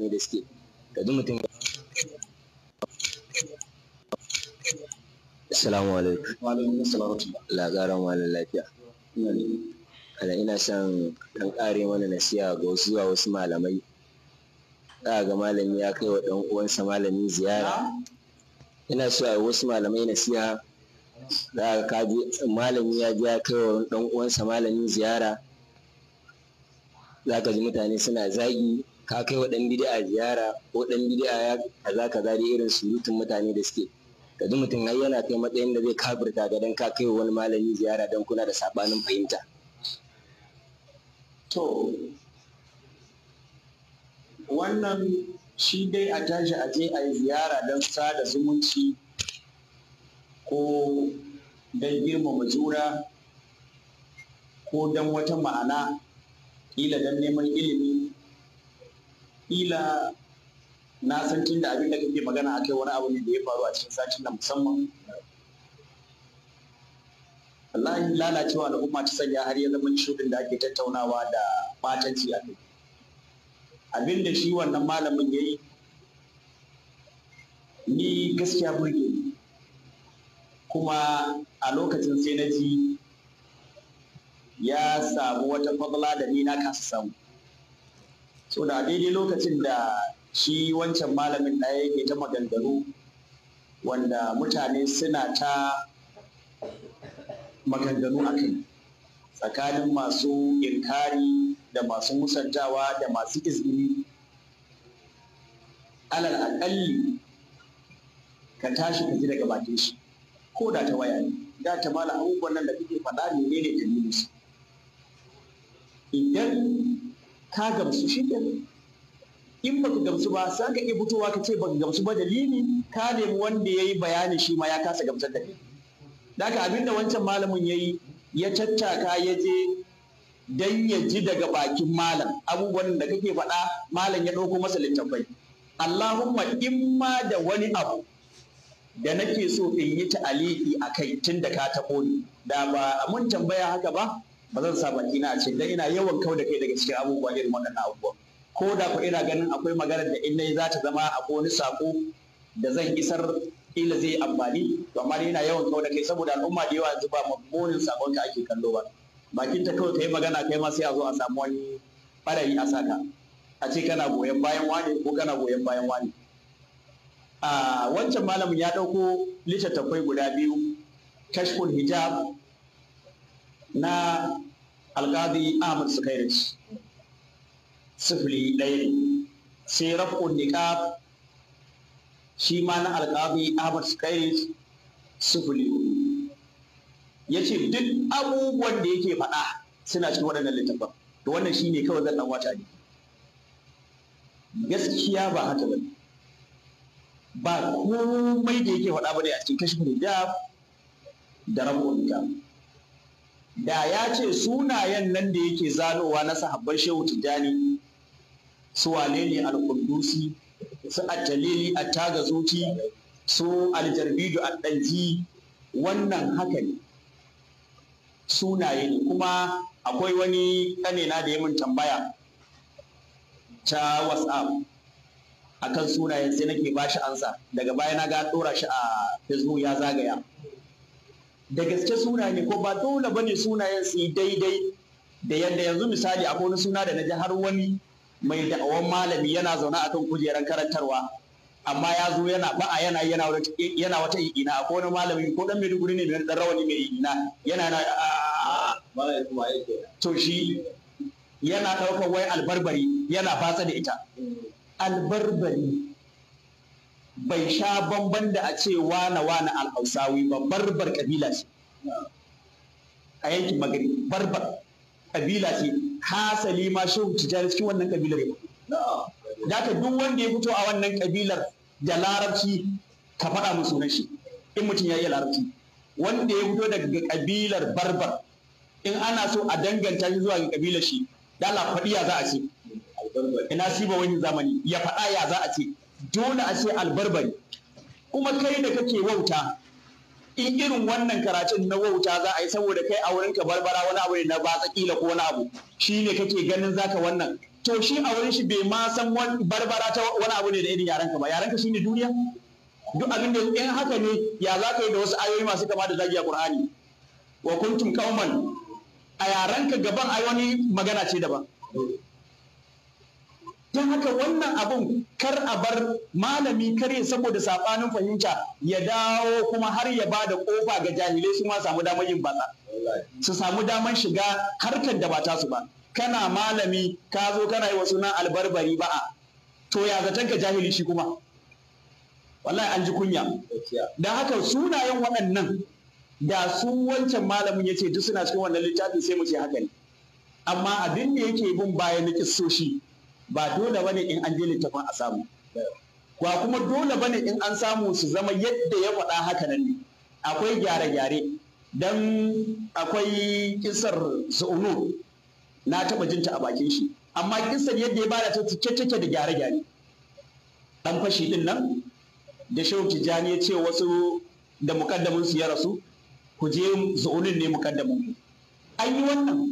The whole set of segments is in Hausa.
mutane da suke ka ji mutum Assalamu alaikum. Wa alaikum assalam. Lagaran walin lafiya. Kada ina son ɗan ƙare mana nasiha ga wasu zuwa wasu malamai. Za ga malami ya kai wa ɗan uwansa malami ziyara. Ina so a wasu malamai nasiha za ka malami ya ya kai wa ɗan uwansa malami ziyara. Za ka ji mutane suna zagi ka kai wa ɗan bid'a ziyara ko ɗan bid'a ya kaza kaza da irin surutun mutane da suke ji mutum har yana kai matsayin da zai kafirta ga dan ka kai wa wani malami ziyara dan kuna da sabanin fahimta to wannan shi dai a tashi a je a yi ziyara don sada zumunci ko don girmama jura, ko don wata ma'ana ƙila don neman ilimi kila na san tun da abin da kake magana akai wani abu ne da ya faru a cikin satin nan musamman wallahi lalacewa al'umma ta sanya har ya zama shudin da ake tattaunawa da batanci a kai abin da shi wannan malamin ya yi ni gaskiya burge ni kuma a lokacin sai na ji ya samu wata fadla da ni na kasa samu so da daidai lokacin da shi wancan malamin ɗaya yake ta maganganu wanda mutane suna ta maganganu a kai tsakanin masu inkari da masu musantawa da masu izini alal aƙalli ka tashi ka ji daga bakin shi ko da ta waya ne da ta mala abubuwan nan da kake faɗa ne ne da idan ka gamsu shi ne? in baka gamsu ba sa ka iya fitowa ka ce ka gamsu ba dalili ka nemi wanda ya yi bayanin shi ma ya kasa gamsar da ni. da abin da wancan malamin ya yi ya caccaka ya je dan ya ji daga bakin malam abubuwan da kake faɗa malam ya ɗauko masa littafai Allahumma in ma da wani abu da nake so in yi ta'aliki a kai tun da ka taɓo ni da ba mun tambaya haka ba ba zan sa baki na a ce dan ina yawan kau da kai daga cikin abubuwa irin waɗannan abubuwa ko da ku ina ganin akwai maganar da in nayi za ta zama ko wani sako da zan isar ila zai amfani to amma ina yawan kau da kai saboda al'umma da yawa yanzu ba mummunin sakon ka ake kallo ba bakin ta kawai kai magana kai ma sai a zo a samu wani ɓarayi a saka a ce kana goyon bayan wani ko kana goyon bayan wani a ah, wancan malamin ya ɗauko littattafai guda biyu kashful hijab na alkadi ahmad sukairis sifili ɗaya ne sai raf'un niqab shi ma na alkadi ahmad sukairis sifili ya ce duk abubuwan da yake faɗa suna cikin waɗannan littafan to wannan shi ne kawai zan wata ne gaskiya ba haka ba ba komai da yake faɗa ba ne a cikin kashi da da rabu hijab da ya ce sunayen nan da yake zanowa na sahabban shehu tijjani su wane ne al su at-talili at Zuci, su al-jarbidu at wannan haka ne sunaye ne kuma akwai wani kanena da ya mun tambaya ta whatsapp akan sunayen sai nake bashi ansa daga baya na ga dora shi a facebook ya zagaya da gaske suna ne ko ba dole bane sunayen su yi daidai da yadda yanzu misali akwai wani suna da naji har wani mai da'awan malami yana zaune a kan kujeran karantarwa amma ya zo yana ba'a yana yana yana wata ina akwai wani malami ko dan Maiduguri ne mai dan rawani mai ina yana na to shi yana ɗaukar wai albarbari yana fasa da ita albarbari bai sha bamban da a ce wana wana al-hausawi ba barbar kabila ce a yankin magari barbar kabila ce hasali ma wuce tijjani cikin wannan kabilar ya ka duk wanda ya fito a wannan kabilar da larabci ka faɗa musu na shi in mutum ya yi larabci wanda ya fito daga kabilar barbar in ana so a danganta shi zuwa ga kabilar shi dala faɗi ya za a ce ina siba wani zamani ya faɗa ya za a ce dole a ce albarbari kuma kai da kake wauta in irin wannan karatun na wauta za a yi saboda kai a wurinka barbara wani abu ne na ba tsakila ko wani abu shi ne kake ganin zaka wannan to shi a wurin shi bai ma san barbara ta wani abu ne da irin yarenka ba yarenka shi ne duniya duk abin da in haka ne ya za ka yi da wasu ayoyi masu kama da zagiya qur'ani wa kuntum qauman a yarenka gaban ai wani magana ce daban don haka wannan abun kar a bar malami kare saboda sabanin fahimta ya dawo kuma har ya ba da kofa ga jahilai su ma samu damar yin batsa su samu damar shiga harkar da ba ta su ba kana malami ka zo kana yi wa sunan albarbari ba'a to ya zaton ka jahili shi kuma wallahi an ji kunya Da haka sunayen waɗannan da su wancan malamin ya ce duk suna cikin wannan littafin sai mu ce haka ne amma abin da yake bin bayan na kissoshi ba dole bane in an je littafin a samu ba kuma dole bane in an samu su zama yadda ya faɗa haka nan ne akwai gyare-gyare don akwai kisar su'unu na taɓa jinta a bakin shi amma kisar yadda ya bada ta cike-cike da gyare-gyare ɗan fashi ɗin nan da shehu tijjani ya ce wasu da mukaddamin su ya rasu ku je zu'unin ne mukaddamin an yi wannan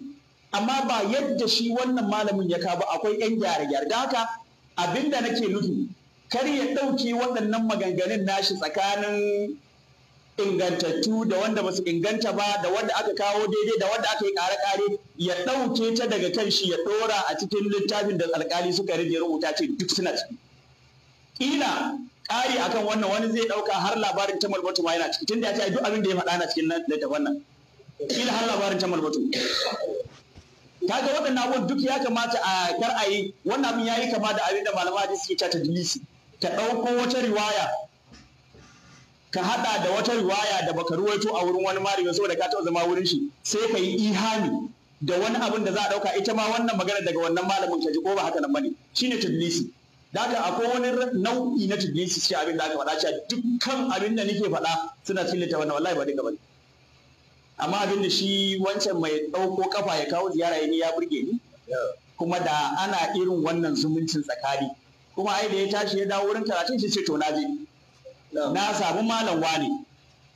amma ba yadda shi wannan malamin ya kawo akwai yan gyare-gyare da haka abinda nake nufi kar ya ɗauke waɗannan maganganun nashi tsakanin ingantattu da wanda ba su inganta ba da wanda aka kawo daidai da wanda aka yi kare-kare ya ɗauke ta daga kan shi ya ɗora a cikin littafin da alkali suka rage rubuta ce duk suna ciki ƙila ƙari akan wannan wani zai ɗauka har labarin ta malbatu ma yana ciki tun da ya ce duk abin da ya faɗa na cikin littafin nan ƙila har labarin ta malbatu kaga waɗannan abubuwan duk ya kamata a kar a yi wannan abin ya yi kama da abin da malama hadisi suke cata dilisi ka ɗauko wata riwaya ka haɗa da wata riwaya da baka ruwaito a wurin wani malami saboda ka taɓa zama wurin shi sai ka yi ihami da wani abin da za a ɗauka ita ma wannan magana daga wannan malamin ka ji ko ba haka nan bane shine tadlisi da haka akwai wani nau'i na tadlisi shi abin da aka faɗa cewa dukkan abin da nake faɗa suna cikin littafin wallahi ba dinga bane amma abin da shi wancan mai ɗauko kafa ya kawo ziyara ne ya burge ni kuma da ana irin wannan zumuncin tsakani kuma ai da ya tashi ya dawo wurin karatun shi ce to na je na samu malam wani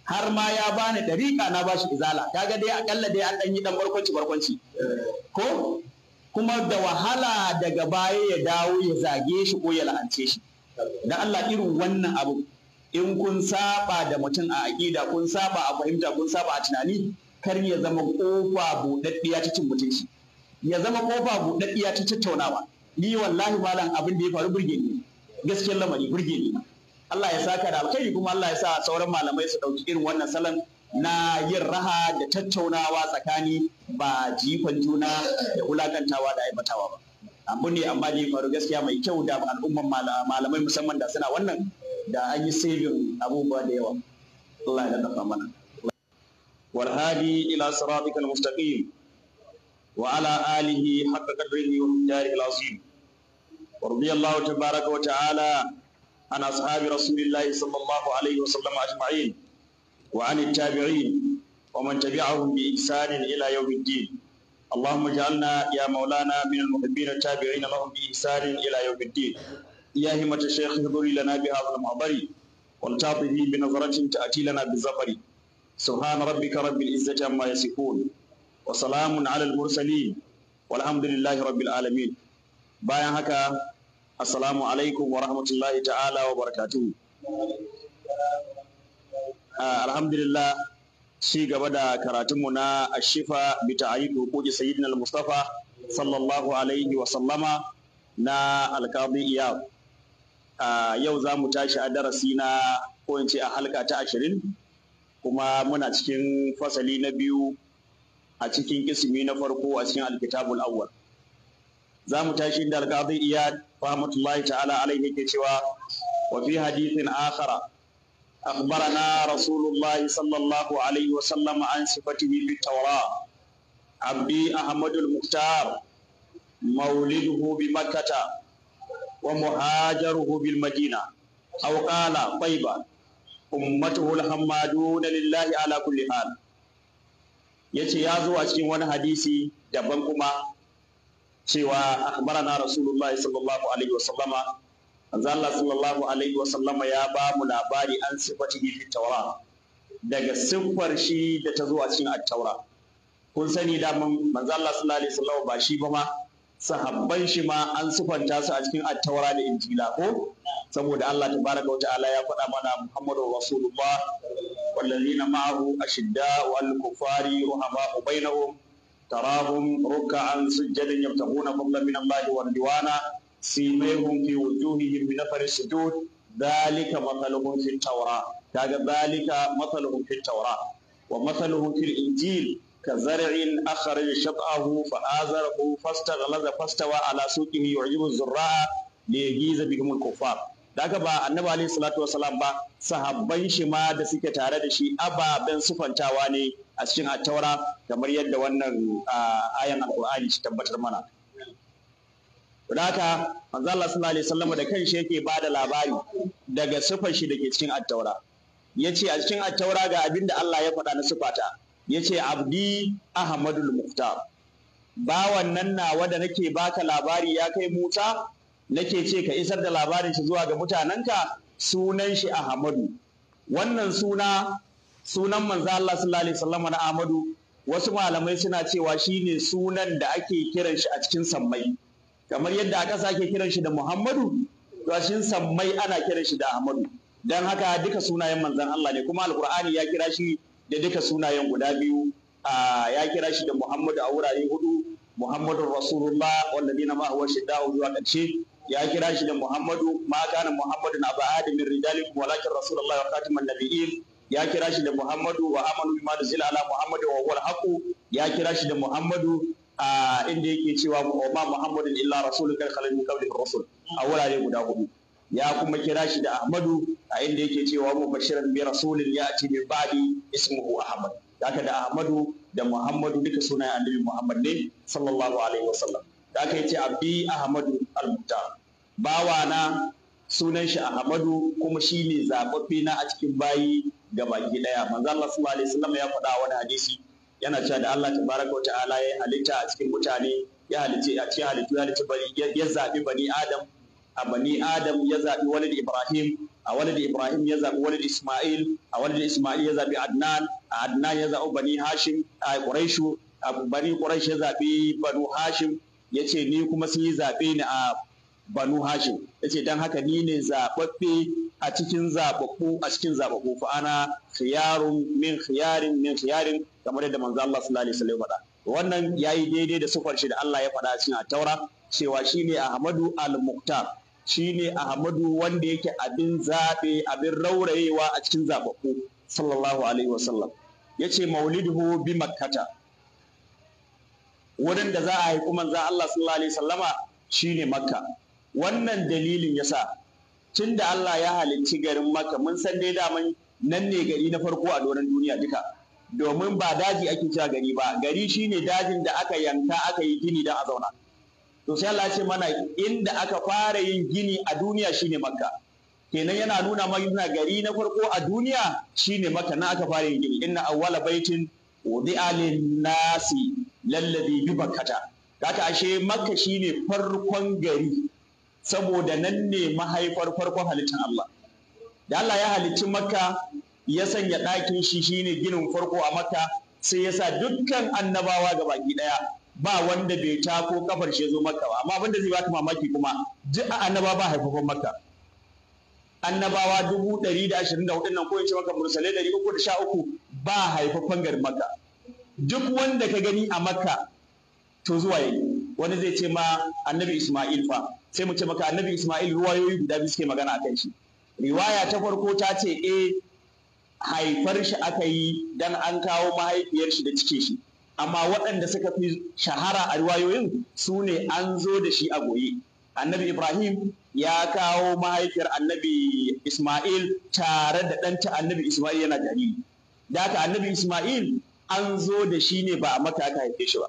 har ma ya bani dariƙa na bashi izala kaga dai akalla dai an ɗan yi ɗan barkwanci barkwanci ko kuma da wahala daga baya ya dawo ya zage shi ko ya la'ance shi da Allah irin wannan abu in kun saba da mutum a aƙida kun saba a fahimta kun saba a tunani kar ya zama kofa buɗaɗɗiya ta cin mutunci ya zama kofa buɗaɗɗiya ta tattaunawa ni wallahi malam abin da ya faru burge ni gaskiyar lamari burge ni Allah ya saka da kai kuma Allah ya sa sauran malamai su ɗauki irin wannan salon na yin raha da tattaunawa tsakani ba jifan juna da wulakantawa da aibatawa ba abu ne amma da ya faru gaskiya mai kyau da al'umman malamai musamman da suna wannan da an yi saving abubuwa da yawa Allah ya dafa mana wal hadi ila siratikal mustaqim wa ala alihi haqqa qadrihi wa jarihi al-azim wa radiyallahu tabaaraka wa ta'ala an ashabi rasulillahi sallallahu alayhi wa sallam ajma'in wa an tabi'in wa man tabi'ahum bi ihsanin ila yawmiddin اللهم اجعلنا يا مولانا من المحبين التابعين لهم بإحسان إلى يوم الدين يا همة الشيخ اهضري لنا بهذا المعبر والتاطه بنظرة تأتي لنا بالزفر سبحان ربك رب العزة عما يصفون وسلام على المرسلين والحمد لله رب العالمين bayan haka assalamu alaikum wa rahmatullahi ta'ala wa barakatuhu alhamdulillah ci gaba da karatunmu na ashifa bi ta'ayyid huquqi sayyidina al-mustafa sallallahu alaihi wa sallama na alqadi iyad yau za mu tashi a darasi na ko in ce a halka ta ashirin kuma muna cikin fasali na biyu a cikin ismi na farko a cikin alkitabul awwal za mu tashi inda alƙadi iya rahmatullahi ta'ala alaihi yake cewa wa fi hadithin akhara أخبرنا رسول الله صلى الله عليه وسلم عن صفته في التوراة عبدي أحمد المختار مولده بمكة ومهاجره بالمدينة أو قال طيبة أمته الحمادون لله على كل حال ya zo a cikin wani hadisi daban kuma cewa akhbarana rasulullahi sallallahu alaihi wasallama manzo Allah sallallahu alaihi wasallama ya ba mu labari an sifatihi fi tawra daga siffar shi da ta zo a cikin at-taura kun sani da manzo sallallahu alaihi wasallama ba shi ba ma sahabban shi ma an sufanta su a cikin attaura da injila ko saboda Allah tabaraka wa ya faɗa mana Muhammadu Rasulullah wallazina ma'ahu ashidda wal kufari ruhama bainahum tarahum ruk'an sujjadan yabtaguna fadlan min Allah wa ridwana simayhum fi wujuhihim min nafar sujud dhalika mathaluhum fi tawra kaga dhalika mathaluhum fi wa mathaluhum fil injil كزرع أخرج شطأه فآزره فاستغلظ فاستوى على سوقه يعجب الزراع ليجيز بهم الكفار da haka ba annabi alaihi salatu wasalam ba sahabban shi ma da suke tare da shi ababen sufantawa ne a cikin attaura kamar yadda wannan ayan alqur'ani shi tabbatar mana da manzo Allah sallallahu alaihi wasallam da kanshi yake ba da labari daga sufan shi dake cikin attaura yace a cikin attaura ga abin da Allah ya faɗa na sufata yace abdi ahmadul muhtar bawan nan nawa da nake baka labari ya kai musa nake ce ka isar da labarin shi zuwa ga mutanenka sunan shi ahmadu wannan suna sunan manzo Allah sallallahu alaihi wasallam na ahmadu wasu malamai suna cewa shine sunan da ake kiran shi a cikin sammai kamar yadda aka sake kiran shi da muhammadu to cikin sammai ana kiran shi da ahmadu dan haka duka sunayen Manzan Allah ne kuma alqur'ani ya kira shi da duka sunayen guda biyu ya kira shi da Muhammadu a wurare hudu Muhammadu Rasulullah walladina ma huwa shidda'u zuwa ƙarshe ya kira shi da Muhammadu ma kana Muhammadu na ba adamin kuma lakin Rasulullah wa khatiman nabiyyin ya kira shi da Muhammadu wa amanu bima nuzila ala Muhammadu wa huwa haqu ya kira shi da Muhammadu inda yake cewa ma Muhammadu illa rasulun khalil min rasul a wurare guda hudu ya kuma kira shi da Ahmadu a inda yake cewa mu bashiran bi rasulin ya ati min ba'di ismuhu Ahmad haka da Ahmadu da Muhammadu duka sunayen Annabi Muhammad ne sallallahu alaihi wasallam haka yace abi Ahmadu al Bawa bawana sunan shi Ahmadu kuma shine zababbe na a cikin bayi ga baki daya manzo Allah sallallahu alaihi wasallam ya faɗa wani hadisi yana cewa da Allah tabaraka wa ta'ala ya halitta a cikin mutane ya halitta a cikin ya halitta bari ya zabi bani Adam a bani adam ya zaɓi walid ibrahim a walid ibrahim ya zaɓi walid isma'il a walid isma'il ya zaɓi adnan a adnan ya zaɓi bani hashim a ƙuraishu a bani ƙuraishu ya zaɓi banu hashim ce ni kuma sun yi zaɓe ni a banu hashim ce don haka ni ne zaɓaɓɓe a cikin zaɓaɓɓu a cikin zaɓaɓɓu fa ana khiyarun min khiyarin min khiyarin kamar yadda manzo Allah sallallahu alaihi wasallam faɗa wannan yayi daidai da sufar shi da Allah ya faɗa a cikin at-Taura cewa shine Ahmadu al-Muqtar shine Ahmadu wanda yake abin zaɓe abin raurayewa a cikin zaɓaɓɓu sallallahu alaihi wasallam yace mauliduhu bi makkata wurin da za a haifi manza Allah sallallahu alaihi wasallama shine makka wannan dalilin yasa da Allah ya halicci garin makka mun san dai daman nan ne gari na farko a doron duniya duka domin ba daji ake cewa gari ba gari shine dajin da aka yanka aka yi gini don a zauna to sai Allah ce mana inda aka fara yin gini a duniya shine makka kenan yana nuna mana gari na farko a duniya shine makka na aka fara yin gini inna awwala baitin wudi'a lin-nasi lalladhi bi bakkata kaka ashe makka shine farkon gari saboda nan ne mahaifar farkon halittar Allah da Allah ya halicci makka ya sanya ɗakin shi shine ginin farko a makka sai ya sa dukkan annabawa ga baki ɗaya ba wanda bai ta ko kafar shi zo makka ba amma abinda zai baka mamaki kuma duk a annaba ba haifafan makka annabawa dubu ɗari da ashirin da hudun nan ko yace maka mursale ɗari uku da sha uku ba haifafan garin maka. duk wanda ka gani a makka to zuwa yayi wani zai ce ma annabi isma'il fa sai mu ce maka annabi isma'il ruwayoyi guda biyu suke magana akan shi riwaya ta farko ta ce eh haifar shi aka yi dan an kawo mahaifiyar shi da cike shi amma waɗanda suka fi shahara a riwayoyin su ne an zo da shi a goye annabi ibrahim ya kawo mahaifiyar annabi isma'il tare da ɗanta annabi isma'il yana jariri da haka annabi isma'il an zo da shi ne ba a maka aka haife shi ba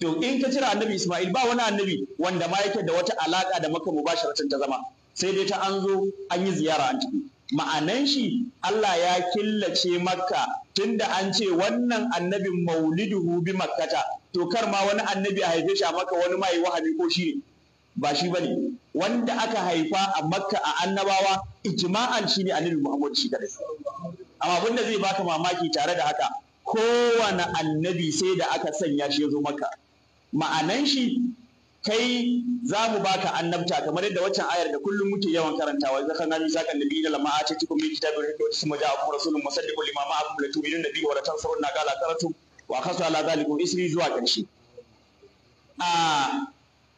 to in ka cire annabi isma'il ba wani annabi wanda ma yake da wata alaƙa da maka mubasharatan ta zama sai dai ta an zo an yi ziyara an tafi ma'anan shi Allah ya killace makka tunda an ce wannan annabin mauliduhu bi makkata to kar ma wani annabi a haife shi a makka wani ma yi wahabi ko shi ne ba shi bane wanda aka haifa a makka a annabawa ijma'an shi ne annabi muhammad shi kadai amma abinda zai baka mamaki tare da haka kowane annabi sai da aka sanya shi ya zo makka ma'anan shi kai za mu baka annabta kamar yadda waccan ayar da kullum muke yawan karantawa nabi kana misaka a lama atikum min kitabin rabbikum a kuma rasulun musaddiqun lima ma'akum la biyu bihi wa la na gala karatu wa kasu ala zalikum isri zuwa ƙarshe a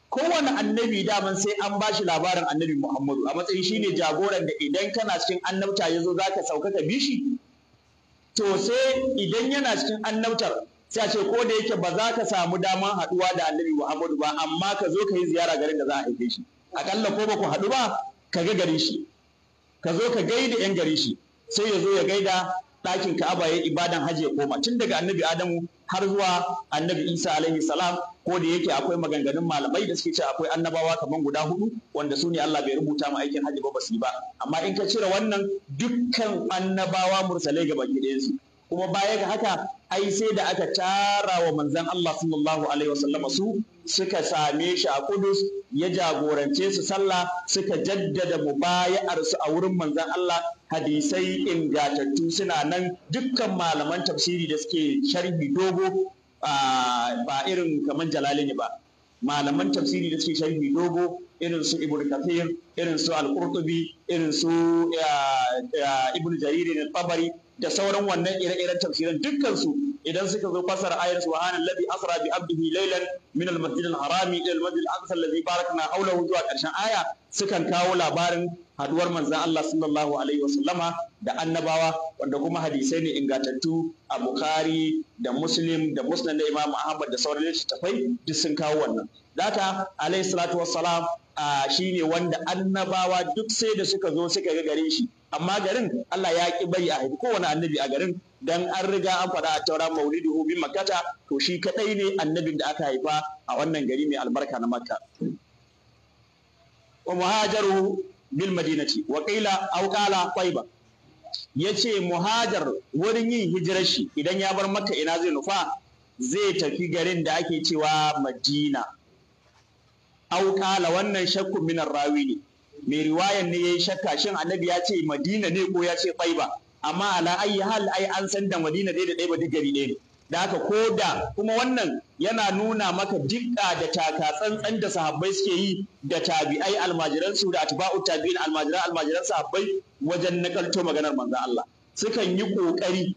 kowane annabi daman sai an ba shi labarin annabi Muhammadu a matsayin shine jagoran da idan kana cikin annabta yazo zaka sauka ka bishi to sai idan yana cikin annabtar sai a ce ko da yake ba za ka samu daman haɗuwa da annabi Muhammadu ba amma ka zo ka yi ziyara garin da za a haife shi A akalla ko ba ku haɗu ba ka ga gari shi ka zo ka gaida yan gari shi sai ya zo ya gaida ɗakin Ka'aba ya ibadan haji ya koma tun daga annabi Adamu har zuwa annabi Isa alaihi salam ko da yake akwai maganganun malamai da suke cewa akwai annabawa kaman guda hudu wanda su ne Allah bai rubuta mu aikin hajji ba su yi ba amma in ka cire wannan dukkan annabawa mursalai gaba ɗayan su kuma baya ga haka ai sai da aka tara wa manzon Allah sallallahu alaihi wasallam su suka same shi a Kudus ya jagorance su sallah suka jaddada mubayar su a wurin manzon Allah hadisai ingatattu suna nan dukkan malaman tafsiri da suke sharhi dogo ah, ba irin kamar jalali ne ba malaman tafsiri da suke sharhi dogo irin su ibn kathir irin su al-qurtubi irin su ibn jarir ne tabari da sauran wannan ire-iren tafsirin dukkan idan suka zo fasara ayar subhanan ladhi asra bi abdihi laylan min al-masjid al-harami ila al-masjid al-aqsa alladhi barakna hawlahu zuwa karshen aya sukan kawo labarin haduwar manzon Allah sallallahu alaihi wasallama da annabawa wanda kuma hadisai ne ingantattu a Bukhari da Muslim da Musnad da Imam Ahmad da sauran littattafai duk sun kawo wannan data alayhi salatu wassalam shi ne wanda annabawa duk sai da suka zo suka ga gare shi amma garin Allah ya ki bari a haifi kowane annabi a garin dan an riga an faɗa a taura maulidu bi makkata to shi kadai ne annabin da aka haifa a wannan gari mai albarka na makka wa muhajaru bil madinati wa qila aw qala ya yace muhajar wurin yin hijirar shi idan ya bar makka ina zai nufa zai tafi garin da ake cewa madina kala wannan shakkun minar rawi ne mai riwayan ne yayi shakka shin annabi ya ce madina ne ko ya ce taiba amma ala ayi hal ai an san da madina dai da dai ba digari ne da haka ko da kuma wannan yana nuna maka dikka da taka tsantsan da sahabbai suke yi da tabi'ai almajiran su da atba'u tabi'in almajiran almajiran sahabbai wajen nakalto maganar manzo Allah sukan yi kokari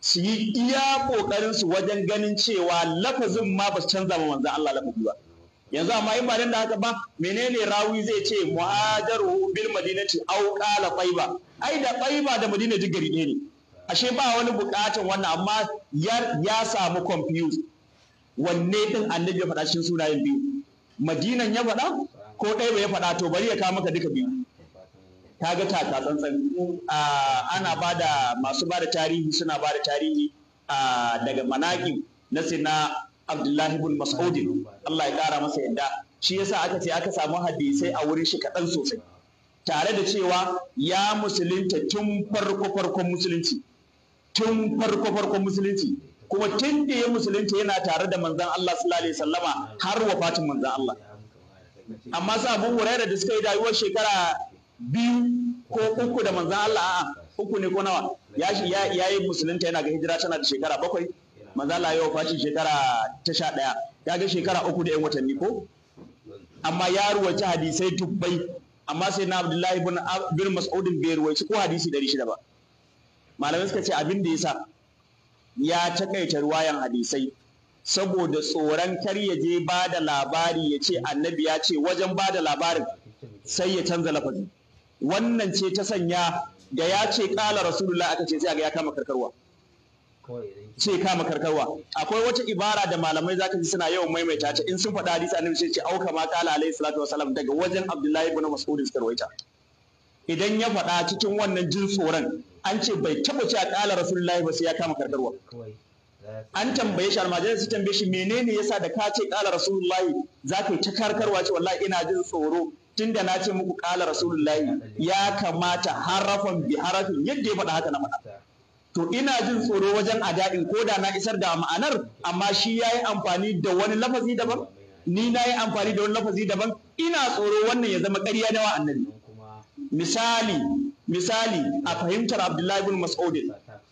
su yi iya kokarin su wajen ganin cewa lafazin ma ba su canza ma manzo Allah lafazi ba yanzu amma in ba nan da haka ba menene rawi zai ce muhajaru bil madinati au qala tayba ai da tayba da madina duk gari ne ashe ba wani bukatun wannan amma ya samu confuse wanne din annabi ya faɗa cikin sunayen biyu madinan ya faɗa ko ɗaya ya faɗa to bari ya kawo maka duka biyu ta ga taka tsantsan ana ba da masu ba da tarihi suna ba da tarihi daga manaki na sina Abdullahi bin Mas'ud Allah ya kara masa yadda shi yasa aka ce aka samu hadisai a wurin shi kaɗan sosai tare da cewa ya musulunta tun farko farkon musulunci tun farko farkon musulunci kuma tun da ya musulunta yana tare da manzon Allah sallallahu alaihi wasallama har wafatin manzon Allah amma su Abu Hurairah da suka yi dawo shekara biyu ko uku da manzon Allah a'a uku ne ko nawa ya ya yi musulunta yana ga hijira tana da shekara bakwai mazala yau fashin shekara ta sha ɗaya ga shekara uku da yan watanni ko amma ya ruwaci hadisai dubbai amma sai na Abdullahi bin Mas'udin bai ruwaci ko hadisi ɗari shida ba malamai suka ce abin da ya sa ya takaita ruwayan hadisai saboda tsoron kar ya je ba da labari ya ce annabi ya ce wajen ba da labarin sai ya canza lafazi wannan ce ta sanya da ya ce kala rasulullah aka ce sai ga ya kama karkarwa Ce kama karkarwa akwai wata ibara da malamai zaka ji suna yawan maimaita ta in sun faɗa hadisi annabi sai ce auka ma qala alaihi salatu wasalam daga wajen abdullahi ibn mas'ud suka rawaita idan ya faɗa cikin wannan jin tsoron an ce bai taɓa ce a ƙala rasulullahi ba sai ya kama karkarwa an tambaye shi almajirai su tambaye shi menene yasa da ka ce ƙala rasulullahi zaka yi ta karkarwa ce wallahi ina jin tsoro tunda na ce muku ƙala rasulullahi ya kamata harafan bi harafin yadda ya faɗa haka na faɗa to ina jin tsoro wajen ada'in ko da na isar da ma'anar amma shi ya yi amfani da wani lafazi daban ni na yi amfani da wani lafazi daban ina tsoro wannan ya zama ƙarya na annabi misali misali a fahimtar abdullahi bin mas'ud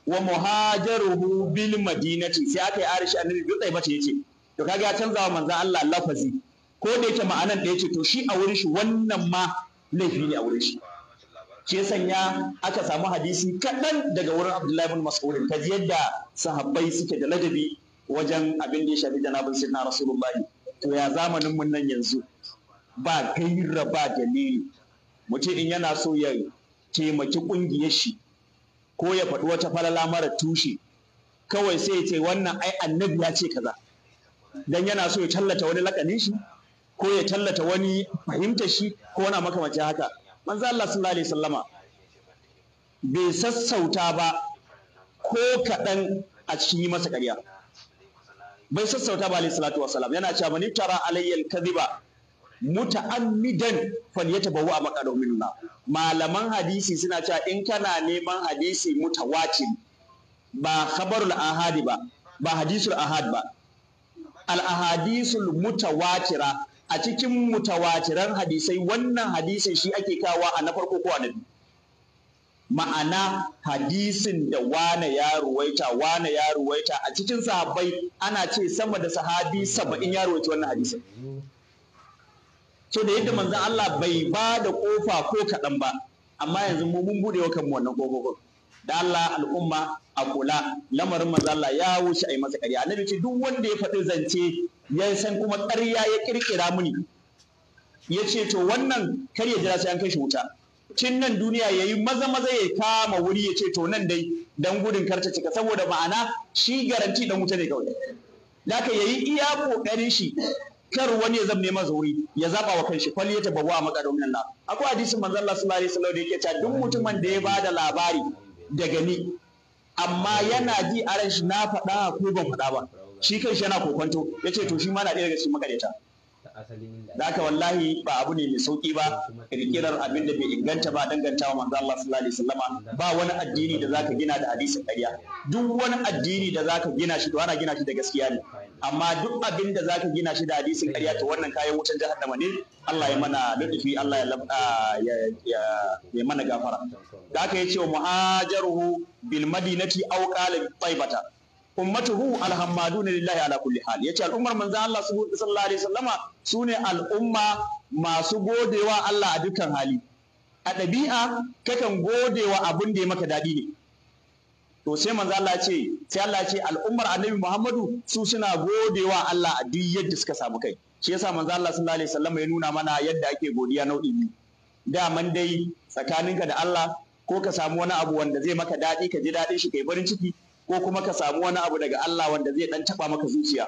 wa muhajaruhu bil madinati sai aka yi arishi annabi bi tsaye bace yace to kaga ya canza wa manzo Allah lafazi ko da yake ma'anan da yace to shi a wurin shi wannan ma laifi ne a wurin shi Ke sanya aka samu hadisi kaɗan daga wurin Abdullahi bin Mas'ud ka ji yadda sahabbai suke da ladabi wajen abin da ya shafi janabin sirna Rasulullahi to ya zamanin mun nan yanzu ba gaira ba dalili mutum in yana so ya taimaki ƙungiyar shi ko ya faɗi wata falala mara tushe kawai sai ya ce wannan ai annabi ya ce kaza dan yana so ya tallata wani lakanin shi ko ya tallata wani fahimtar shi ko wani makamacin haka manzo Allah sallallahu alaihi wasallama bai sassauta ba ko kaɗan a cikin yi masa ƙarya bai sassauta ba alaihi salatu wasalam yana cewa man tara alayyal kadhiba muta'ammidan falyatabawwa maqadahu minna malaman hadisi suna cewa in kana neman hadisi mutawatin ba khabarul ahadi ba ba hadisul ahad ba al ahadisul mutawatira a cikin mutawatiran hadisai wannan hadisin shi ake kawa a na farko ko na ma'ana hadisin da wane ya ruwaita wane ya ruwaita a cikin sahabbai ana ce sama da sahabi saba'in ya ruwaita wannan hadisin so da yadda manzan Allah bai ba da kofa ko kaɗan ba amma yanzu mu mun bude wa kanmu wannan kofofin da Allah al'umma a kula lamarin manzan Allah ya wuce a yi masa ƙarya annabi ce duk wanda ya faɗi zance ya san kuma ƙarya ya ƙirƙira muni, ya ce to wannan kar ya jira sai an kai shi wuta tun nan duniya ya yi maza maza ya kama wuri ya ce to nan dai dan gudun karta cika saboda ma'ana shi garanti dan wuta ne kawai wani. ya yi iya kokarin shi kar wani ya zama neman wuri ya zaba wa kanshi kwalli ya tabawa a makarin nan akwai hadisin manzo Allah sallallahu alaihi wasallam da yake cewa duk mutumin da ya bada labari daga ni amma yana ji a ran shi na faɗa ko ban faɗa ba shi kai shi yana kokonto ya ce to shi ma na ɗaya daga cikin makaryata da haka wallahi ba abu ne mai sauƙi ba ƙirƙirar abin da bai inganta ba danganta wa manzo Allah sallallahu alaihi wasallama ba wani addini da zaka gina da hadisin ƙarya duk wani addini da zaka gina shi to ana gina shi da gaskiya ne amma duk abin da zaka gina shi da hadisin ƙarya to wannan kayan wutar jahannama ne Allah ya mana lutufi Allah ah, ya ya mana gafara da haka yace wa muhajaruhu bil madinati aw qala taibata ummatuhu alhammaduna lillahi ala kulli hal yace al'ummar manzo Allah sallallahu alaihi wasallama sune al'umma masu godewa Allah a dukkan hali a ɗabi'a kakan godewa abin da ya maka daɗi ne to sai manzo Allah ce sai Allah ce al'ummar Annabi Muhammadu su suna godewa Allah a duk yadda suka samu kai shi yasa manzo Allah sallallahu alaihi wasallama ya nuna mana yadda ake godiya nau'i biyu man dai tsakaninka da Allah ko ka samu wani abu wanda zai maka daɗi ka ji daɗin shi kai barin ciki ko kuma ka samu wani abu daga Allah wanda zai dan taba maka zuciya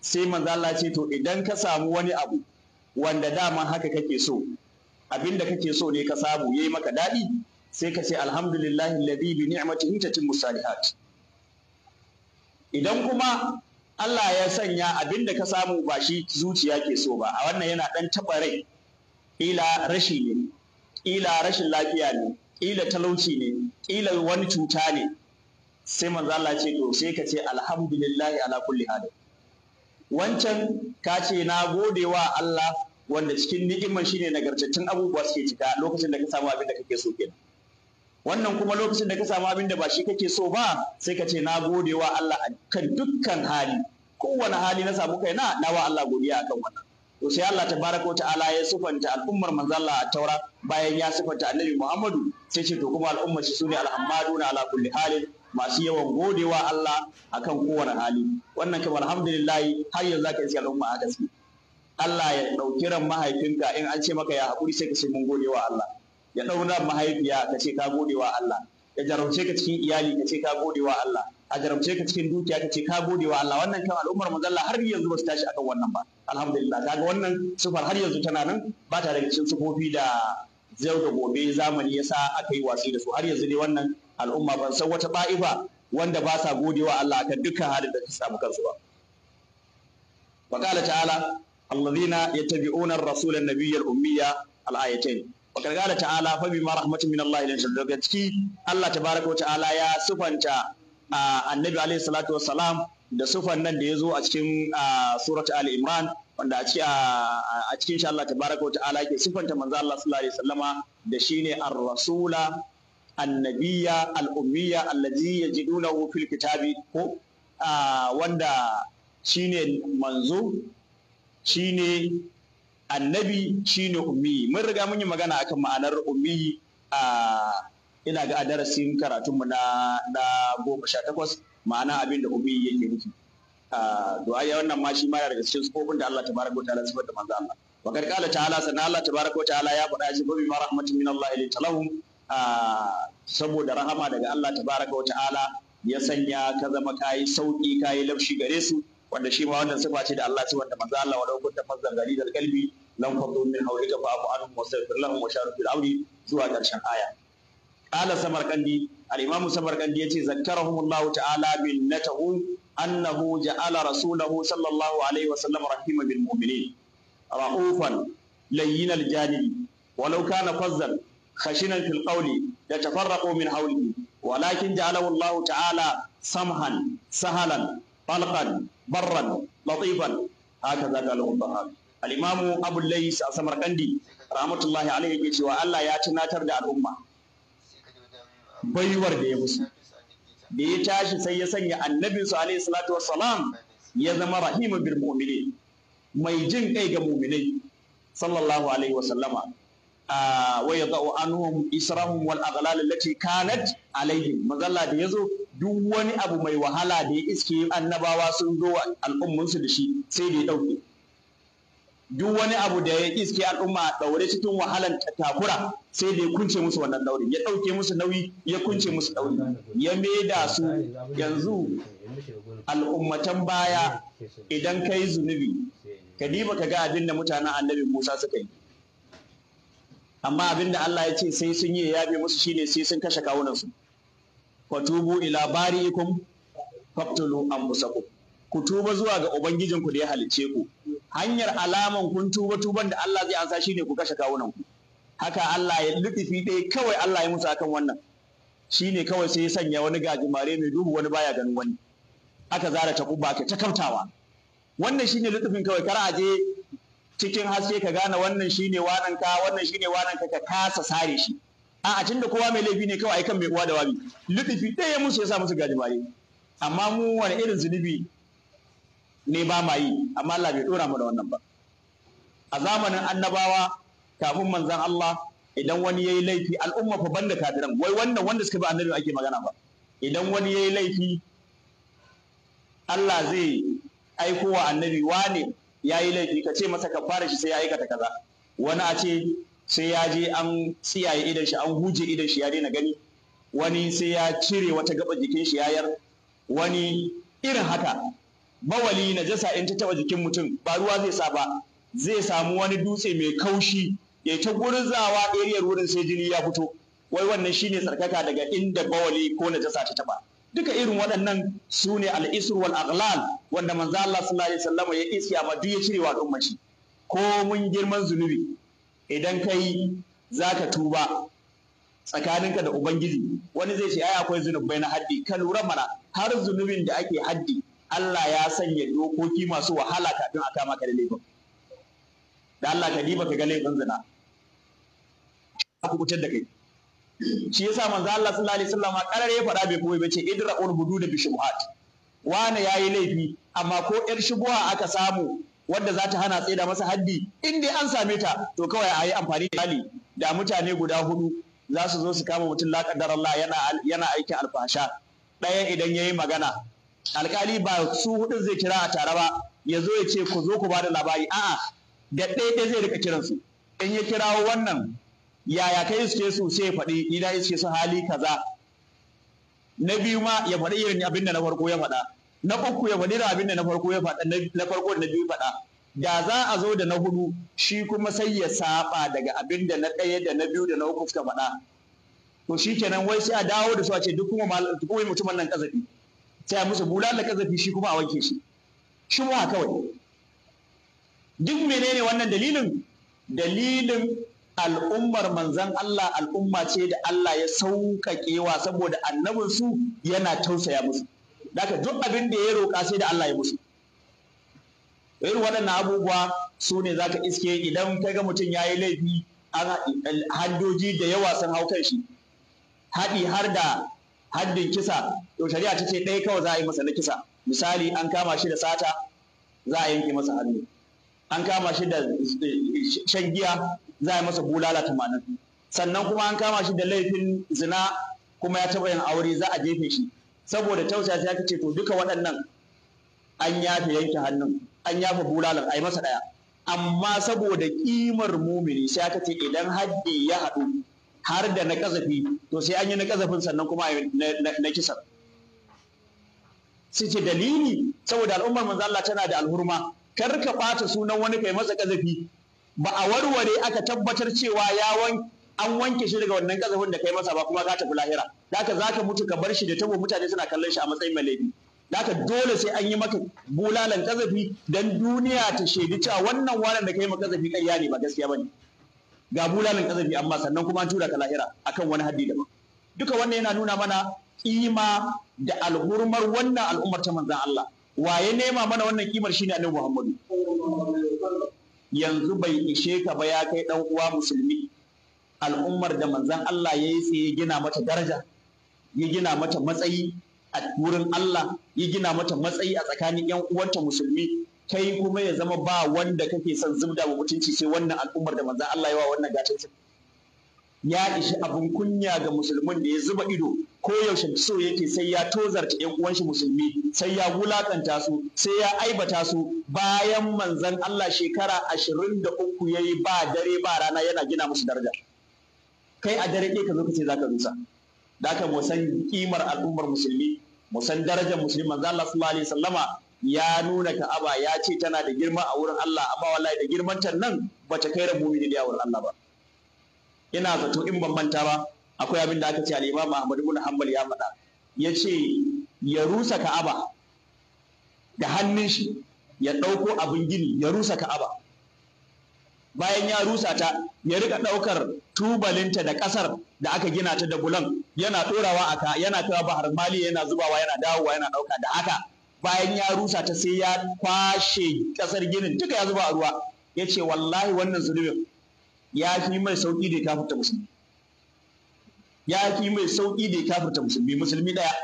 sai manzo Allah ce to idan ka samu wani abu wanda dama haka kake so abinda kake so ne ka samu yayi maka dadi sai ka ce alhamdulillah alladhi bi ni'matihi tatimmu salihat idan kuma Allah ya sanya abinda ka samu ba shi zuciya ke so ba a wannan yana dan taba rai ila rashi ila rashin lafiya ne ila talauci ne ila wani cuta ne sai manzo Allah ce to sai ka ce alhamdulillahi ala kulli hal wancan ka ce na gode wa Allah wanda cikin ni'imar shine nagartaccen abubuwa suke cika lokacin da ka samu abin da kake so kenan wannan kuma lokacin da ka samu abin da ba shi kake so ba sai ka ce na gode wa Allah kan dukkan hali kowane hali na samu kai na wa Allah godiya akan wannan to sai Allah tabaraka ta'ala ya sufanta al'ummar manzo Allah a taura bayan ya sufanta annabi Muhammadu sai ce to kuma al'ummar shi sune alhammaduna ala kulli halin masu yawan godewa Allah akan kowane hali wannan kamar alhamdulillah har yanzu ka iska al'umma haka gaske. Allah ya ɗauki ran mahaifinka in an ce maka ya haƙuri sai ka ce mun godewa Allah ya ɗau ran mahaifiya ka ce ka godewa Allah ya jarumce ka cikin iyali ka ce ka godewa Allah a jarumce ka cikin dukiya ka ce ka godewa Allah wannan kan al'ummar manzalla har yanzu ba su tashi akan wannan ba alhamdulillah kaga wannan sufar har yanzu tana nan ba ta daga cikin sufofi da zau da gobe zamani yasa aka yi wasi da su har yanzu dai wannan al'umma ban san wata ba'ifa wanda ba sa gode wa Allah akan dukkan halin da ta samu kansu ba faqala ta'ala alladhina yattabi'una ya rasula an-nabiyya al-ummiyya al-ayatayn wa da ta'ala fabi ma rahmatin min Allah ilin lin daga ciki Allah baraka wa ta'ala ya sufanta annabi alaihi salatu wa salam da sufan nan da ya zo a cikin surat Ali Imran wanda a cikin shi Allah baraka wa ta'ala ke sufanta manzo Allah sallallahu alaihi wasallama da shine ar-rasula Annabiya, al'ummiya allazi nuna wufil kitabi ko wanda shine manzo shine annabi shine ummi mun riga mun yi magana akan ma'anar ummi a ina ga darasin karatunmu na na goma sha takwas ma'ana abin da ummi yake nufi du'a ya wannan ma shi ma daga cikin tsofin da Allah Ta baraka ta'ala sifar da manzo Allah wa qad qala ta'ala sana Allah Ta baraka ta'ala ya faɗa shi bi ma rahmatin min Allah ilayhi talahum saboda rahama daga Allah tabaraka wa ta'ala ya sanya ka zama kayi sauki kayi laushi gare su wanda shi ma wannan sifa ce da Allah ce wanda manzo Allah walau kunta fazzan da qalbi lam fadu min hawlika fa afu anhum wastaghfir lahum wa sharu fil zuwa karshen aya qala samarkandi al-imam samarkandi yace zakkarahum Allah ta'ala binnatahu annahu ja'ala rasulahu sallallahu alaihi wa sallam rahima bil mu'minin raufan layyinal jani walau kana fazzan Kashinan fil qawli da tafarraqu min hawlihi walakin ja'alahu Allah ta'ala samhan sahalan falkan, barran latifan haka zaka lahu bahar al-imamu Abu Lays a rahmatullahi alaihi cewa Allah ya tunatar da al'umma baiwar da ya musu da ya tashi sai ya sanya annabinsu alaihi salatu wassalam ya zama rahimun bil mai jin kai ga mu'minai sallallahu alaihi wasallama wa yadau anhum israhum wal aghlal lati kanat alaihi mazalla da yazo duk wani abu mai wahala da ya iske annabawa sun zo al'ummunsu da shi sai da ya dauke duk wani abu da ya iske al'umma daure cikin wahalan takura sai da ya kunce musu wannan daure ya dauke musu nauyi ya kunce musu daure ya maida su yanzu al'ummatan baya idan kai zunubi ka diba ka ga abin da mutanen annabi Musa suka yi amma abin da Allah ya ce sai sun yi yabe musu shine sai sun kashe kawunansu fatubu ila bari'ikum faqtulu anfusakum ku tuba zuwa ga ubangijinku da ya halice ku hanyar alaman kun tuba tuban da Allah zai ansa shine ku kashe kawunanku haka Allah ya lutufi dai kawai Allah ya musu akan wannan shine kawai sai ya sanya wani gajimare mai duhu wani baya ganin wani aka zara ta kubba ta kautawa wannan shine lutufin kawai kar a je cikin haske ka gane wannan ne wanan ka wannan ne wanan ka ka kasa sare shi a a da kowa mai laifi ne kawai kan mai uwa da wabi lutufi ɗaya musu ya sa musu gajimare amma mu wani irin zunubi ne ba ma yi amma Allah bai dora mu da wannan ba a zamanin annabawa kafin manzon Allah idan wani yayi laifi al'umma fa banda kafiran wai wannan wanda suka bi annabi ake magana ba idan wani yayi laifi Allah zai aiko wa annabi wane ya yi laifi ka ce masa ka fara shi sai ya aikata kaza wani a ce sai ya je an tsiyaye idan shi an guje idan shi ya daina gani wani sai ya cire wata gaba jikin shi yayar wani irin haka bawali jasa in ta taba jikin mutum ba ruwa zai sa ba zai samu wani dutse mai kaushi ya ta gurin zawa eriyar wurin sai jini ya fito wai wannan shine tsarkaka daga inda bawali ko na jasa ta taba duka irin waɗannan su ne al'isur wal aghlal wanda Manza Allah sallallahu alaihi wasallam ya isi amma duk ya cire wa al'umma ko mun girman zunubi idan kai zaka tuba tsakaninka da ubangiji wani zai ce ai akwai zunubai na haddi ka lura mana har zunubin da ake haddi Allah ya sanya dokoki masu wahala kafin a kama ka da laifin da Allah ka diba ka ga laifin zina ku kutar da kai shi yasa manzo Allah sallallahu alaihi wasallam karar ya faɗa bai koyi bace idra'ul hudud bi shubuhat wani yayi laifi amma ko yar shubuha aka samu wanda za ta hana tsaida masa haddi in dai an same ta to kawai a yi amfani da hali da mutane guda hudu za su zo su kama mutum la kadar Allah yana yana aikin alfasha ɗaya idan yayi magana alkali ba su hudun zai kira a tare ba ya zo ya ce ku zo ku ba da labari a'a da ɗaya ɗaya zai rika kiransu in ya kirawo wannan yaya kai iske su sai faɗi ni da iske su hali kaza na biyu ma ya faɗi irin abin da na farko ya faɗa na uku ya faɗi da abin da na farko ya faɗa na farko da na biyu faɗa da za a zo da na hudu shi kuma sai ya saba daga abin da na ɗaya da na biyu da na uku suka faɗa to shi kenan wai sai a dawo da su a ce duk kuma mutumin nan kazafi sai a musu bulala kazafi shi kuma a wanke shi shi kawai duk menene wannan dalilin dalilin al'ummar manzan Allah al'umma ce da Allah ya kewa saboda annabinsu yana tausaya musu daga duk abin da ya roƙa sai da Allah ya musu irin waɗannan abubuwa su ne zaka iske idan kai ga mutum ya yi laifi haddoji da yawa sun hau kan shi haɗi har da haddin kisa to shari'a ta ce ɗaya kawai za a yi masa na kisa misali an kama shi da sata za a yanke masa hannu an kama shi da eh, shan giya za a yi masa bulala tamanin sannan kuma an kama shi da laifin zina kuma ya taɓa yin aure za a jefe shi saboda tausaya sai aka ce to duka waɗannan an yafe yanke hannun an yafe bulalan a yi masa ɗaya amma saboda ƙimar mumini sai aka ce idan haɗe ya haɗu har da na ƙazafi to sai an yi na ƙazafin sannan kuma na kisar. sai ce dalili saboda al'ummar manzo Allah tana da alhurma kar ka ɓata sunan wani kai masa ƙazafi ba a warware aka tabbatar cewa ya an wanke shi daga wannan kazafin da kai masa ba kuma ka tafi lahira zaka zaka mutu ka bar shi da tabo mutane suna kallon shi a matsayin malabi dole sai an yi maka bulalan kazafi dan duniya ta shaidi cewa wannan waran da kai maka kazafi ƙarya ne ba gaskiya bane ga bulalan kazafi amma sannan kuma an tura ka lahira akan wani haddi daban duka wannan yana nuna mana kima da alhurmar wannan al'ummar ta manzan Allah waye nema mana wannan kimar shine Annabi Muhammadu yanzu bai ishe ka ba ya kai ɗan uwa musulmi al'ummar da manzan Allah ya yi tsaye gina mata daraja ya gina mata matsayi a wurin Allah ya gina mata matsayi a tsakanin yan uwanta musulmi kai kuma ya zama ba wanda kake son zubda wa mutunci sai wannan al'ummar da manzan Allah ya wa wannan gatan ya ishi abin kunya ga musulmin da ya zuba ido ko yaushe so yake sai ya tozarta ƴan uwan shi musulmi sai ya wulakanta su sai ya aibata su bayan manzan Allah shekara ashirin da uku ya yi ba dare ba rana yana gina musu daraja kai a dare ka zo ka kace zaka rusa da haka mu san kimar al'ummar musulmi mu san darajar musulmi manzan Allah sallallahu alaihi wasallama ya nuna Ka'aba ya ce tana da girma a wurin Allah amma wallahi da girman ta nan bata kai rabu ne da wurin Allah ba ina zato in ban manta ba akwai abin da aka ce al Ahmad ibn Hanbal ya faɗa yace ya rusa Ka'aba da hannun shi ya ɗauko abin gini ya rusa Ka'aba bayan ya rusa ta ya rika ɗaukar tubalinta da ƙasar da aka gina ta da bulan yana ɗorawa ka yana kawo bahar mali yana zubawa yana dawowa yana ɗauka da haka bayan ya rusa ta sai ya kwashe ƙasar ginin duka ya zuba a ruwa ya ce wallahi wannan zunubin ya fi mai sauƙi da ya ta musulmi ya fi mai sauƙi da ya kafirta musulmi musulmi daya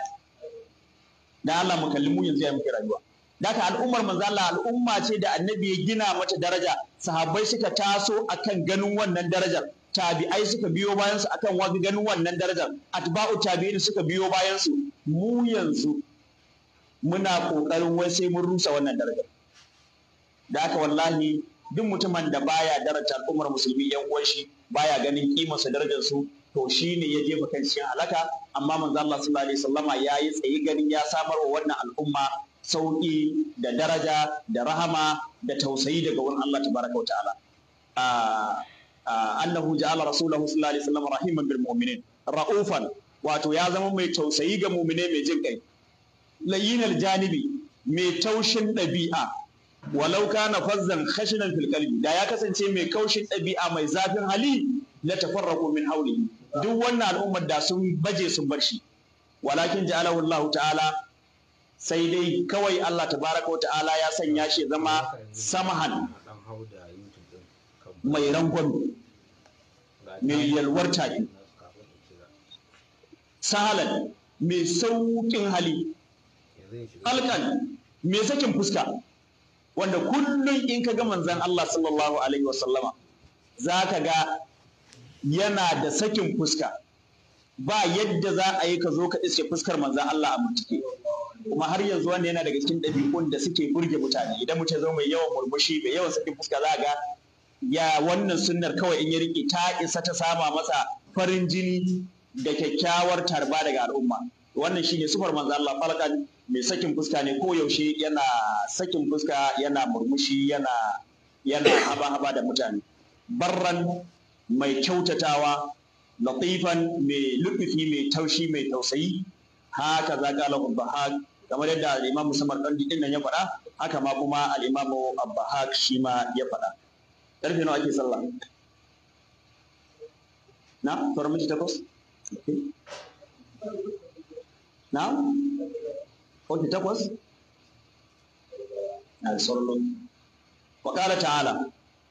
da Allah mu kalli yanzu ya muke rayuwa Daka al'ummar manzo al'umma ce da annabi ya gina mata daraja sahabbai suka taso akan ganin wannan darajar tabi'ai suka biyo bayan su akan wani ganin wannan darajar atba'u tabi'in suka biyo bayan su mu yanzu muna kokarin wai sai mun rusa wannan darajar da wallahi duk mutumin da baya daraja al'ummar musulmi yan uwan shi baya ganin kimar su darajar su to shi ne ya jefa kan cikin halaka amma manzo Allah sallallahu alaihi wasallama yayi tsayi ganin ya samar wa wannan al'umma sauki da daraja da rahama da tausayi daga wurin Allah tabaraka wa ta'ala annahu ja'ala rasulahu sallallahu alaihi wasallam rahiman bil mu'minin raufan wato ya zama mai tausayi ga mu'mine mai jin kai layyinal janibi mai taushin ɗabi'a walau kana fazzan khashinan fil qalbi da ya kasance mai kaushin ɗabi'a mai zafin hali la tafarraqu min hawlihi duk wannan al'ummar da sun baje sun bar shi walakin ja'alahu Allah ta'ala sai dai kawai Allah tabaraka wa ta'ala ya sanya shi zama samahan mai rangon mai yalwar taki sahalan mai sauƙin hali alkan mai sakin fuska wanda kullum in ka ga manzan Allah sallallahu alaihi wasallama za ka ga yana da sakin fuska ba yadda za a yi ka zo ka iske fuskar manzan Allah a mutuke kuma har yanzu wanda yana daga cikin ɗabi'un da suke burge mutane idan mutum zo mai yawan murmushi mai yawan sakin fuska za ga ya wannan sunnar kawai in ya riƙe ta isa ta sama masa farin jini da kyakkyawar tarba daga al'umma wannan shine sufar manzan Allah falkan mai sakin fuska ne ko yaushe yana sakin fuska yana murmushi yana yana haba haba da mutane barran mai kyautatawa latifan mai lutufi mai taushi mai tausayi haka za ka lahu bahag kamar yadda al musamman ɗan din nan ya faɗa haka ma kuma al Abba haka shi ma ya faɗa karfe nawa ake sallah na sauran miji takwas na ok takwas na sauran lokaci wa ta'ala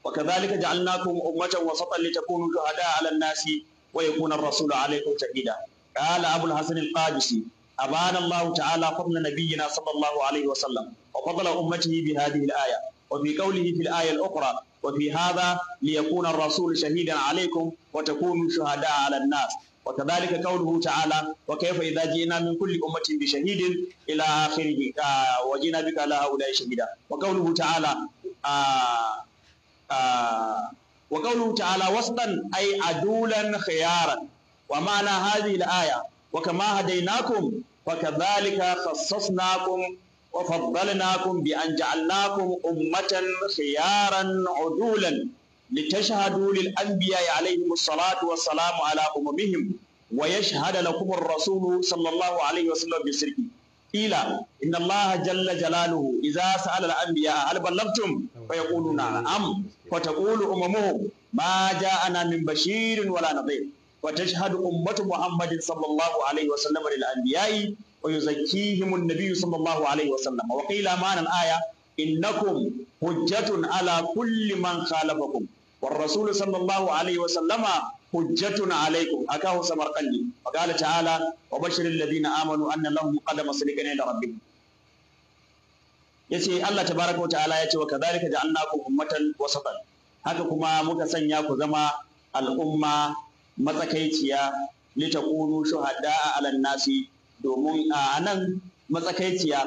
وكذلك جعلناكم أمة وسطا لتكونوا شهداء على الناس ويكون الرسول عليكم شهيدا قال أبو الحسن القادسي أبان الله تعالى فضل نبينا صلى الله عليه وسلم وفضل أمته بهذه الآية وفي قوله في الآية الأخرى وفي هذا ليكون الرسول شهيدا عليكم وتكونوا شهداء على الناس وكذلك قوله تعالى وكيف إذا جئنا من كل أمة بشهيد إلى آخره وجئنا بك على هؤلاء شهيدا وقوله تعالى آه wa qawluhu ta'ala wasdan ay adulan khiyaran wa ma'ana hadhihi La'aya wa kama hadaynakum fa kadhalika khassasnakum wa faddalnakum bi an ja'alnakum ummatan khiyaran adulan litashhadu lil anbiya'i alayhimus salatu wassalamu ala wa umumihim ويشهد لكم الرسول صلى Alayhi عليه وسلم بسركم qila inna allaha jalla jalaluhu idza sa'ala al-anbiya hal ballagtum fa yaquluna am fa taqulu umamuhum ma ja'ana min bashirin wala nadhir wa tashhadu ummatu muhammadin sallallahu alaihi wa sallam lil anbiya'i wa yuzakkihim an-nabiy sallallahu alaihi wa sallam wa qila ma'ana al-aya innakum hujjatun ala kulli man khalafakum والرسول صلى الله wa sallama. hujjatuna alaikum akahu samarqandi wa qala ta'ala wa bashiril ladina amanu anna lahum qadama sidqin inda Ya yace Allah tabaraka ta'ala yace wa kadhalika ja'alnakum ummatan wasatan haka kuma muka sanya ku zama al'umma matsakaiciya litakunu shuhada'a 'alan nasi domin a nan matsakaiciya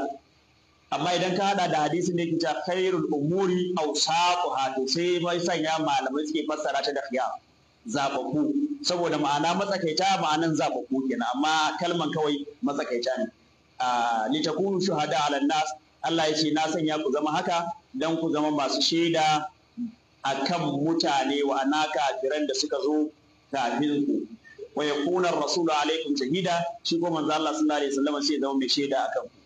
amma idan ka hada da hadisin da yake cewa khairul umuri awsaquha to sai mai sanya malamai suke fassara ta da khiyar zababbu saboda ma'ana matsakaita ma'anan ke kenan amma kalman kawai matsakaita ne litakunu shuhada ala nas Allah ya ce na sanya ku zama haka dan ku zama masu shaida akan mutane wa ana kafiran da suka zo kafin ku wa yakuna rasulu alaikum shahida shi ko manzo Allah sallallahu alaihi wasallam sai zama mai shaida akan ku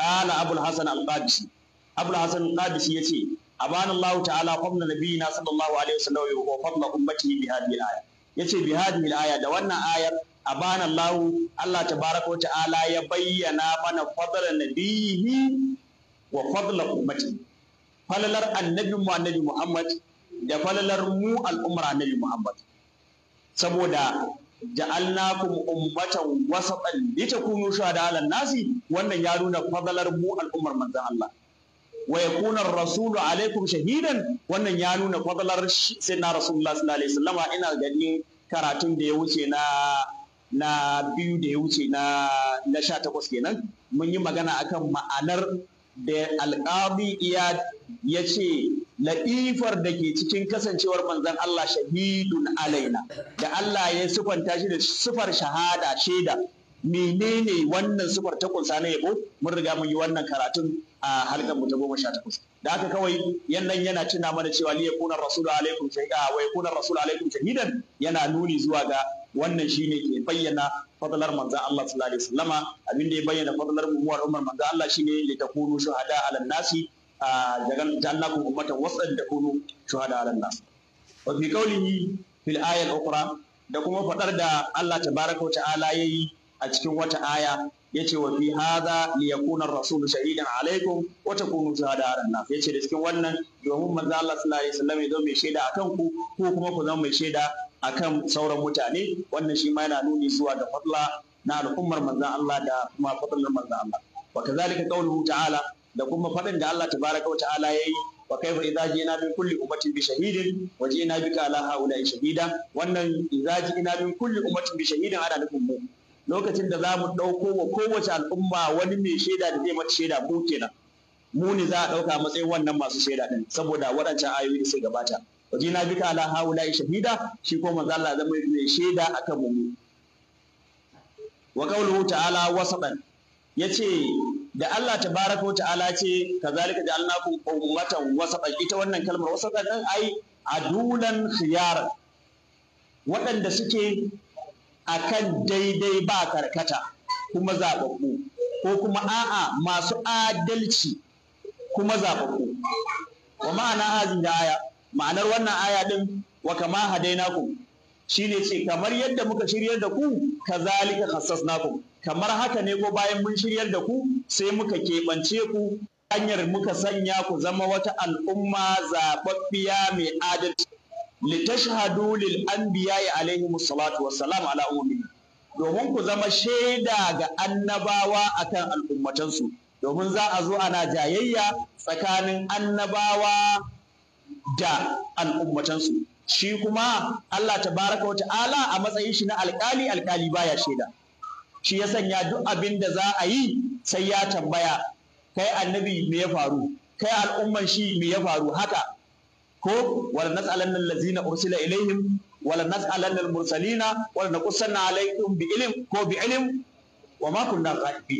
ala abul hasan al-qadisi abul hasan al-qadisi yace أبان الله تعالى فضل نبينا صلى الله عليه وسلم وفضل أمته بهذه الآية يتي بهذه الآية دوانا آية أبان الله الله تبارك وتعالى يبين من فضل نبيه وفضل أمته falalar annabi mu annabi Muhammad da falalar mu al'ummar annabi Muhammad saboda ja'alnakum ummatan wasatan litakunu shuhada 'alan nasi wannan ya nuna fadalar mu al'ummar manzon Allah wa yakuna rasulu alaikum shahidan wannan ya nuna fadalar sayyidina rasulullah sallallahu alaihi wasallam ina gani karatun da ya wuce na na biyu da ya wuce na na 18 kenan mun yi magana akan ma'anar da alqadi ya ce la'ifar da ke cikin kasancewar manzon Allah shahidun alaina da Allah ya sufanta shi da sufar shahada shaida menene wannan sifar ta kunsa na yabo mun riga mun yi wannan karatun a halkar mu ta goma sha takwas da haka kawai yannan yana cina mana cewa Liya kunar rasulu alaikum shahida wa yakuna rasulu alaikum shahidan yana nuni zuwa ga wannan shine ke bayyana fadlar manzo Allah sallallahu alaihi wasallama abin da ya bayyana fadlar mu'uwar umar manzo Allah shine li takunu shuhada ala nasi jagan ku ummatan wasan da kunu shuhada ala nas wa fi qawlihi fil ayati ukhra da kuma faɗar da Allah Ta baraka wa ta'ala yi. a cikin wata aya ya ce wa fi haza li yakuna ar-rasulu shahidan alaikum wa takunu shuhada ala nas ce da cikin wannan domin manzo Allah sallallahu alaihi wasallam ya zo mai shaida akan ku ko kuma ku zama mai shaida akan sauran mutane wannan shi ma yana nuni zuwa da fadla na al'ummar manzon Allah da kuma fadlan manzon Allah wa kazalika qawluhu ta'ala da kuma fadin da Allah tabaraka wa ta'ala yayi wa kaifa idza ji'na min kulli ummatin bi shahidin wa ji'na bika ala haula shahida wannan idza ji'na min kulli ummatin bi shahidin ana nufin mu lokacin da za mu ɗauko wa kowace al'umma wani mai shaida da zai mata shaida ko kenan mu ne za a ɗauka matsayin wannan masu shaida ɗin saboda waɗancan ayoyi da sai gabata waje na ka ala haula shahida shi ko manzo Allah zama mai shaida akan mu wa qawluhu ta'ala wasaban yace da Allah tabaraka wa ta'ala ce kazalika ja'alnakum ummatan wasaban ita wannan kalmar wasaban din ai adulan khiyar waɗanda suke akan daidai ba karkata kuma zaɓaɓɓu ko kuma a'a masu adalci kuma zaɓaɓɓu wa ma'ana azin da aya ma'anar wannan aya ɗin wa kama shi shine ce kamar yadda muka shiryar da ku ka hassas naku. kamar haka ne ko bayan mun shiryar da ku sai muka keɓance ku hanyar muka sanya ku zama wata al'umma zaɓaɓɓiya mai adalci litashhadu lil anbiya'i alaihimu salatu wassalam ala ummi domin ku zama shaida ga annabawa akan al'ummatansu domin za a zo ana jayayya tsakanin annabawa da al'ummatansu shi kuma Allah tabaraka wa ta'ala a matsayin shi na alkali alkali baya shaida shi ya sanya duk abin da za a yi sai ya tambaya kai annabi me ya faru kai al'umman shi me ya faru haka ko wala nas'alanna allazina ursila ilayhim wala nas'alanna al-mursalina wala naqussanna alaykum bi ilm ko bi ilm wa ma kunna ghaibi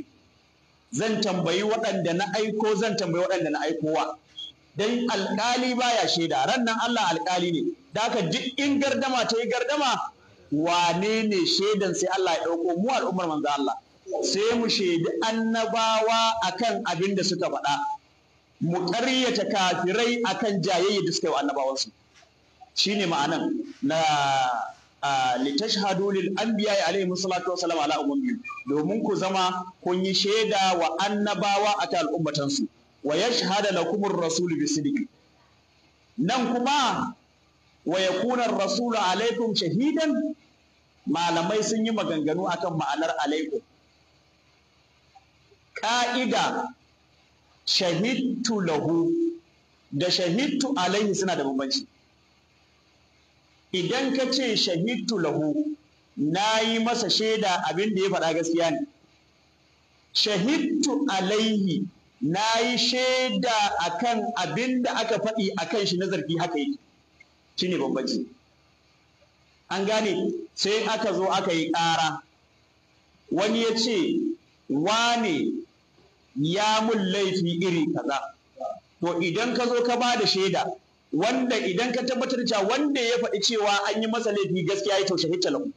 zan tambayi waɗanda na aiko zan tambayi waɗanda na aikowa dan alƙali baya shaida ran nan Allah alƙali ne da ka duk in gardama ta yi gardama wane ne shaidan sai Allah ya dauko? mu al'ummar manzo Allah sai mu shaidi annabawa akan abin da suka faɗa mu ƙaryata kafirai akan jayayya da suka yi annabawansu Shi ne ma'anan na an lil anbiya alaihi wa wassalam ala biyu. domin ku zama kun yi shaida wa annabawa a ta al'ummatansu wa na kumar rasulu bi sidiki nan kuma wa ya ar-rasul alaikum shahidan malamai sun yi maganganu akan ma'anar alaikum ka'ida shahidtu lahu da shahidtu alaihi suna da bambanci idan ka ce shahidtu lahu na yi masa shaida abin da ya faɗa gaskiya ne shahidtu alaihi na yi shaida akan abin da aka faɗi a kan shi na zargi haka yake ne bambanci an gane sai aka zo aka yi ƙara wani ya ce wane ya mun laifi iri kaza to idan ka zo ka ba da shaida wanda idan ka tabbatar cewa wanda ya faɗi cewa an yi masa laifi gaskiya ya taushe hiccalahu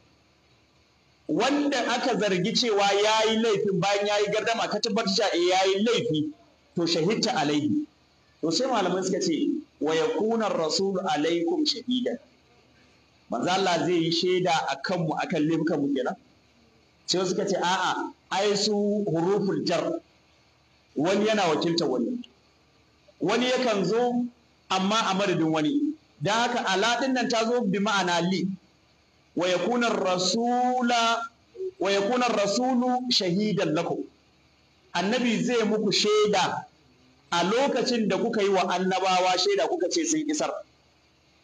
wanda aka zargi cewa ya yi laifin bayan ya yi gardama ka tabbatar cewa eh, ya yi laifi to shahidta alaihi to sai malamai suka ce wa yakuna rasul alaikum shahida manzo Allah zai yi shaida akan mu akan laifukan mu kenan sai suka ce a'a ai su hurufin jar wani yana wakiltar wani wani yakan zo amma a madadin wani da haka alaɗin nan ta zo bi ma'ana li wa yakuna rasula wa yakuna rasulu shahidan lako annabi zai muku shaida a lokacin da kuka yi wa annabawa shaida kuka ce sun isar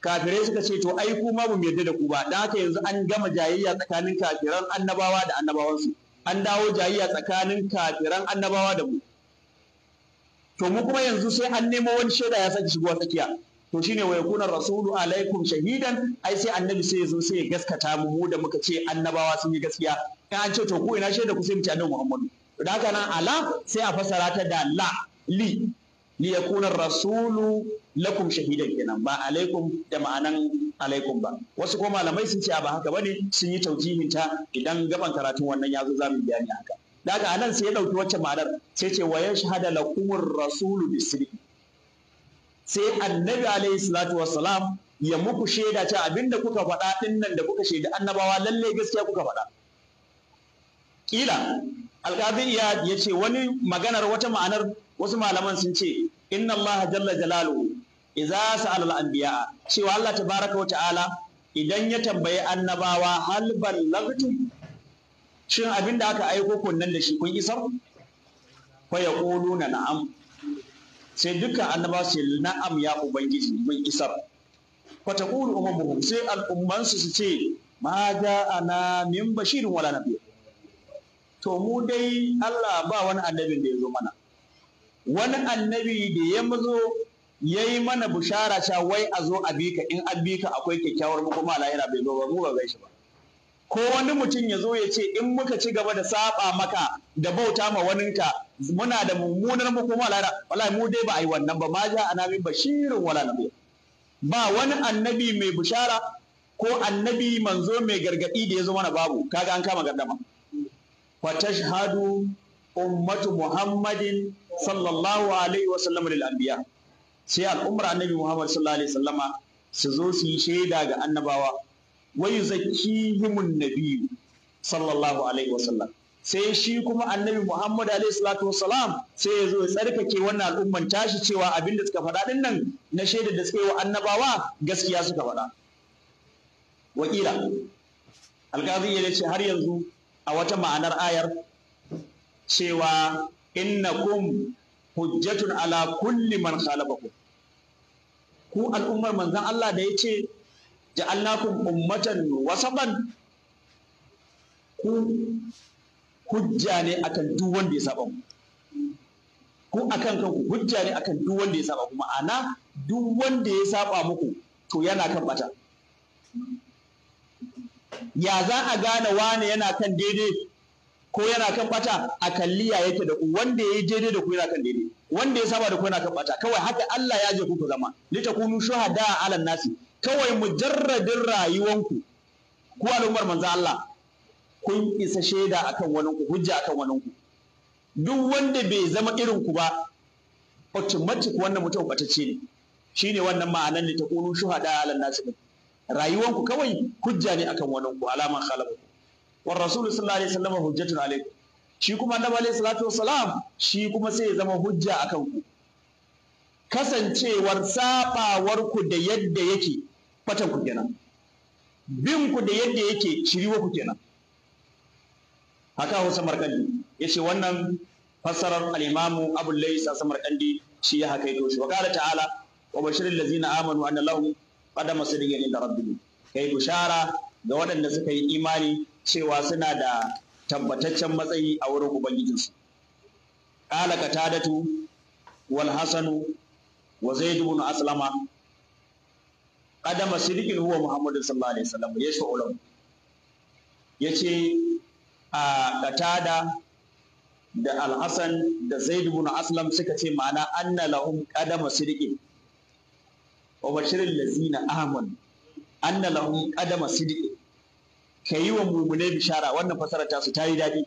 kafirai suka ce to ai ku ma mu yarda da ku ba da haka yanzu an gama jayayya tsakanin kafiran annabawa da annabawansu an dawo jayayya tsakanin kafiran annabawa da mu to mu kuma yanzu sai an nemo wani shaida ya saki shigo tsakiya to shine wa yakuna rasulu alaikum shahidan ai sai annabi sai yanzu zo sai ya gaskata mu mu da muka ce annabawa sun yi gaskiya in an ce to ku ina shaida ku sai mu ce annabi muhammadu to da haka nan ala sai a fasara ta da la li li yakuna rasulu lakum shahidan kenan ba alaikum da ma'anan alaikum ba wasu ko malamai sun ce ba haka bane sun yi taujihin ta idan gaban karatun wannan yazo zamu bayani haka daga anan sai ya ɗauki wacce ma'anar sai ce wa la kumar rasulu bisri sai annabi alaihi salatu wassalam ya muku shaida ce abinda kuka faɗa ɗin nan da kuka shaida annabawa lalle gaskiya kuka faɗa kila alqadir ya ya ce wani maganar wata ma'anar wasu malaman sun ce inna allaha jalla jalaluhu idza sa'ala al-anbiya cewa Allah tabaraka wa ta'ala idan ya tambayi annabawa hal ballagtum shin abin da aka aiko kunnan da shi kun isar fa na na'am sai dukkan annaba su na'am ya ubangiji mun isar fa taqulu ummuhum sai al'ummansu su ce ma ana min bashirin wala nabiy to mu dai Allah ba wani annabin da ya zo mana wani annabi da ya mazo ya yi mana bushara sha wai a zo a bika in an bika akwai kyakkyawar kuma lahira bai zo ba mu ba gaishe ba ko wani mutum ya zo ya ce in muka ci gaba da saba maka da bauta ma waninka muna da mummunar kuma lara wallahi mu dai ba a yi wannan ba ma ja ana min bashirin wala nabi ba wani annabi mai bishara ko annabi manzo mai gargadi da ya zo mana babu kaga an kama gaddama wa tashhadu ummatu muhammadin sallallahu alaihi wa sallam lil anbiya sai al'ummar annabi muhammad sallallahu alaihi sallama su zo su yi shaida ga annabawa wa yuzakkihimun nabiyyu sallallahu alaihi wasallam sai shi kuma annabi Muhammad alaihi salatu wasalam sai ya zo ya tsarkake wannan al'umman tashi cewa abin da suka faɗa din nan na shaida da suka wa annabawa gaskiya suka faɗa wakila alƙazi ya ce har yanzu a wata ma'anar ayar cewa innakum hujjatun ala kulli man khalafakum ku al'ummar manzon Allah da ya ce ja'alnakum ummatan wasaban ku hujja ne akan duk wanda ya saba ku? ku akan kanku hujja ne akan duk wanda ya saba ku ma'ana duk wanda ya saba muku to yana kan bata ya za a gane wane yana kan daidai ko yana kan bata a kalliya yake da ku wanda ya yi daidai da ku yana kan daidai wanda ya saba da ku yana kan bata kawai haka Allah ya je ku zama litakunu shuhada ala nasi kawai mujarradin rayuwanku ku al'ummar manzo Allah kun isa shaida akan wani ku hujja akan wani ku duk wanda bai zama irin ku ba automatic wannan mutum batacce ne shine wannan ma'anar ne ta kunu shuhada ala nas din rayuwanku kawai hujja ne akan wani ku alaman khalaqa wa rasul sallallahu alaihi wasallam hujjatun alaikum shi kuma annabi alaihi salatu wassalam shi kuma sai ya zama hujja akan ku kasancewar ku da yadda yake fatan ku kenan bin ku da yadda yake shiriwa ku kenan haka Hausa Markandi ce wannan fassarar al'imamu abu Abu Lays Samarkandi shi ya hakaito shi wa qala ta'ala wa bashiril ladzina amanu anna lahum da sidqin inda Ka kai bushara ga waɗanda suka yi imani cewa suna da tabbataccen matsayi a wurin ubangijinsu ka tadatu wal hasanu wa zaidu na aslama qadama sidiqin huwa muhammadu sallallahu alaihi wasallam yasfa ulam yace a katada da al-hasan da Zaidu ibn aslam suka ce ma'ana anna lahum qadama sidiqin wa bashiril lazina amanu anna lahum qadama sidiqin kayi wa mumune bishara wannan fasara ta su ta yi daɗi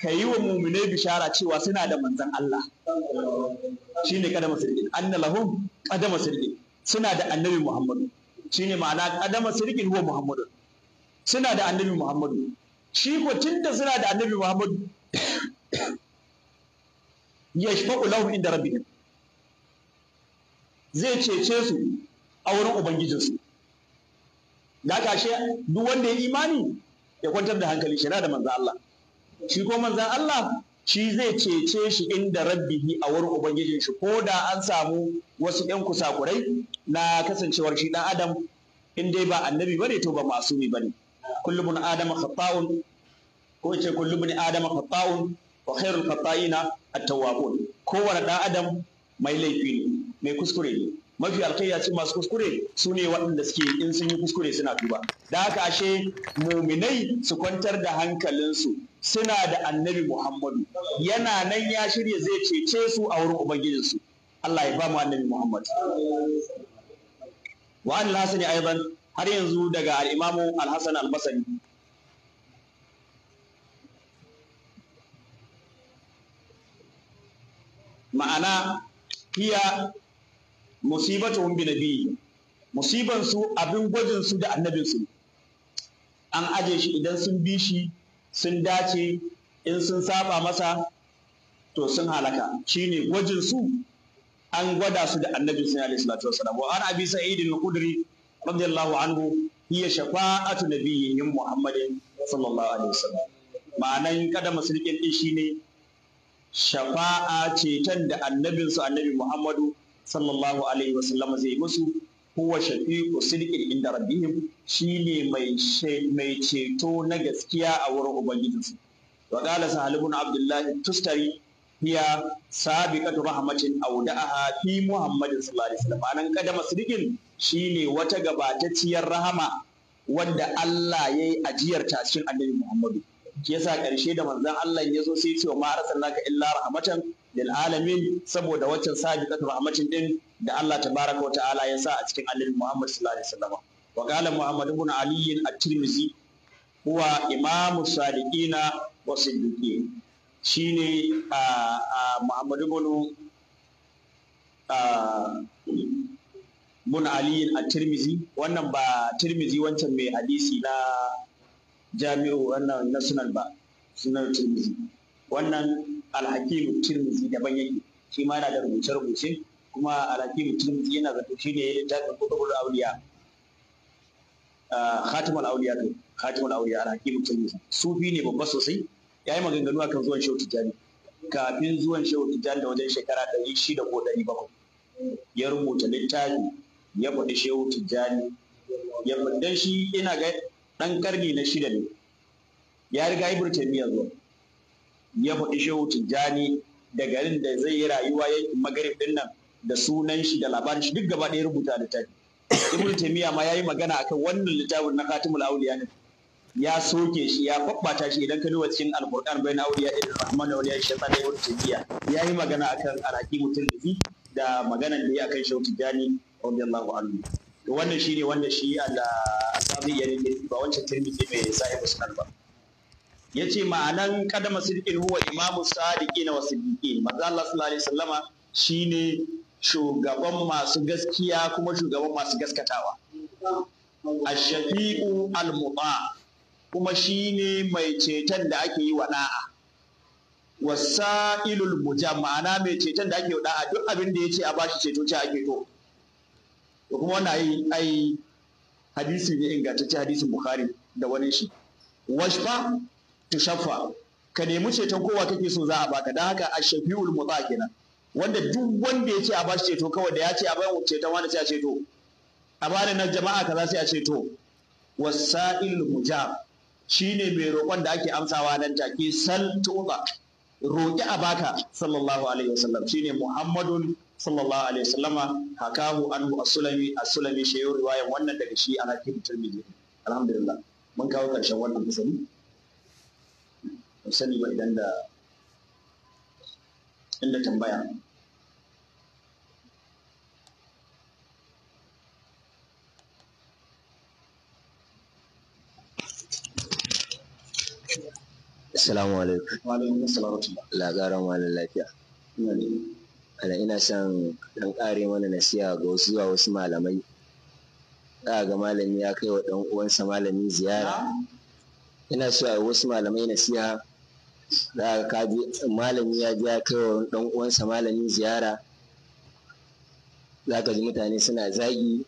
ka yi wa mumune bishara cewa suna da manzan Allah shi ne kadama sirgin anna lahum kadama sirgin suna da annabi Muhammadu shine ma'ana kadama sirkin huwa Muhammadu suna da annabi Muhammadu shi ko tunda suna da annabi Muhammadu Ya yashfa'u lahum inda rabbi zai cece su a wurin ubangijinsu da kashe duk wanda ya imani ya kwantar da hankali shi na da manzan Allah shi ko manzan Allah shi zai cece shi inda rabbihi a wurin ubangijin shi ko da an samu wasu yan kusakurai na kasancewar shi dan adam in dai ba annabi bane to ba masumi bane kullubun adam khata'un ko ce kullubun adam khata'un wa khairul khata'ina at-tawwabun kowane ɗan adam mai laifi ne mai kuskure ne mafi alkhairi ce masu kuskure su ne waɗanda suke in sun yi kuskure suna tuba da haka ashe muminai su kwantar da hankalinsu suna da annabi Muhammadu yana nan ya shirya zai cece su a wurin ubangijinsu Allah ya ba mu annabi Muhammadu. wa an hasani aidan har yanzu daga al-imamu al-hasan al-basri ma'ana hiya musibatuhum bi na musibansu abin gwajin su da annabinsu an aje shi idan sun bi shi sun dace in sun saba masa to sun halaka shine gwajin su an gwada su da annabi sallallahu alaihi wasallam wa an abi sa'id al-khudri radiyallahu anhu hiya shafa'atu nabiyyin muhammadin sallallahu alaihi wasallam ma'anan kada musulkin din shine shafa'a ceton da annabinsu annabi muhammadu sallallahu alaihi wasallam zai musu huwa shafiqu sidqin inda rabbihim shine mai mai ceto na gaskiya a wurin ubangijinsu wa qala sahal ibn abdullahi tustari hiya sabiqatu rahmatin awda'aha fi muhammadin sallallahu alaihi wasallam anan kadama sidqin shine wata gabatacciyar rahama wanda Allah yayi ajiyarta cikin annabi Muhammadu shi yasa ƙarshe da manzon Allah ya zo sai ce wa ma illa rahmatan lil alamin saboda waccan sabiqatu rahmatin din da Allah tabaraka wa ta'ala ya sa a cikin annabi Muhammad sallallahu alaihi wasallam wa qala Muhammad ibn Ali at-Tirmidhi huwa imamu sadiqina wa siddiqin shine a Muhammad ibn Ibn Ali a Tirmizi, wannan ba Tirmizi wancan mai hadisi na jami'u wannan national ba sunan tirmizi wannan alhakimu tirmizi daban yake shi ma yana da rubuce-rubuce kuma alhakimu tirmizi yana zato shi ne littafin kutubul auliya ah, khatimul auliya to khatimul auliya alhakimu tirmizi sufi ne babba sosai yayi maganganu akan zuwan shehu tijjani kafin zuwan shehu tijjani da wajen shekara ɗari shida ko ɗari bakwai ya rubuta littafi ya faɗi shehu tijjani ya faɗi shi ina ga ɗan ƙarni na shida ne ya riga ibn taymiya zuwa ya faɗi shehu tijjani da garin da zai yi rayuwa yankin magarib din nan da sunan shi da labarin shi duk gaba ɗaya rubuta da tafi ibn taymiya ma yi magana akan wannan littafin na katimul auliya ne ya soke shi ya faɓɓata shi idan ka duba cikin alqur'an bayan auliya ibn rahman da awliya shi da ibn Ya yi magana akan araki mutum da maganan da ya akan shehu tijjani radiyallahu anhu wannan shi ne wanda shi al-asabi ya ne ba wancan tirmidhi mai sahih musnad ba yace ma'anan kadama sidqin huwa imamu sadiqina wa siddiqin manzo Allah sallallahu alaihi wasallama shine shugaban masu gaskiya kuma shugaban masu gaskatawa ash-shafi'u al-muta kuma shine mai ceton da ake yi wa da'a wasa'ilul mujam ma'ana mai ceton da ake yi wa da'a duk abin da yace a bashi ceto ce ake to to kuma wannan ai ai hadisi ne ingantacce hadisin bukhari da wani shi washfa tushaffa ka nemi ceton kowa kake so za a baka dan haka ashafiul muta kenan wanda duk wanda ya ce a bashi ceto kawai da ya ce a bayan ceton wani sai a ceto a bada na jama'a kaza sai a ceto wasa'il mujab shine mai roƙon da ake amsawa nan take sal tuba roƙi a baka sallallahu alaihi wasallam shine muhammadun sallallahu alaihi wasallama hakahu anhu as-sulami as-sulami shi yau riwayan wannan daga shi ana kifi tirmidhi alhamdulillah mun kawo karshen wannan kusani mun sani idan da inda tambaya Assalamu alaikum. Wa ana ina son ɗan ƙare mana nasiha ga wasu zuwa wasu malamai za ga malami ya kai wa dan uwansa malami ziyara ina so a wasu malamai nasiha za ga kaji malami ya ji ya kai wa dan uwansa malami ziyara za ka ji mutane suna zagi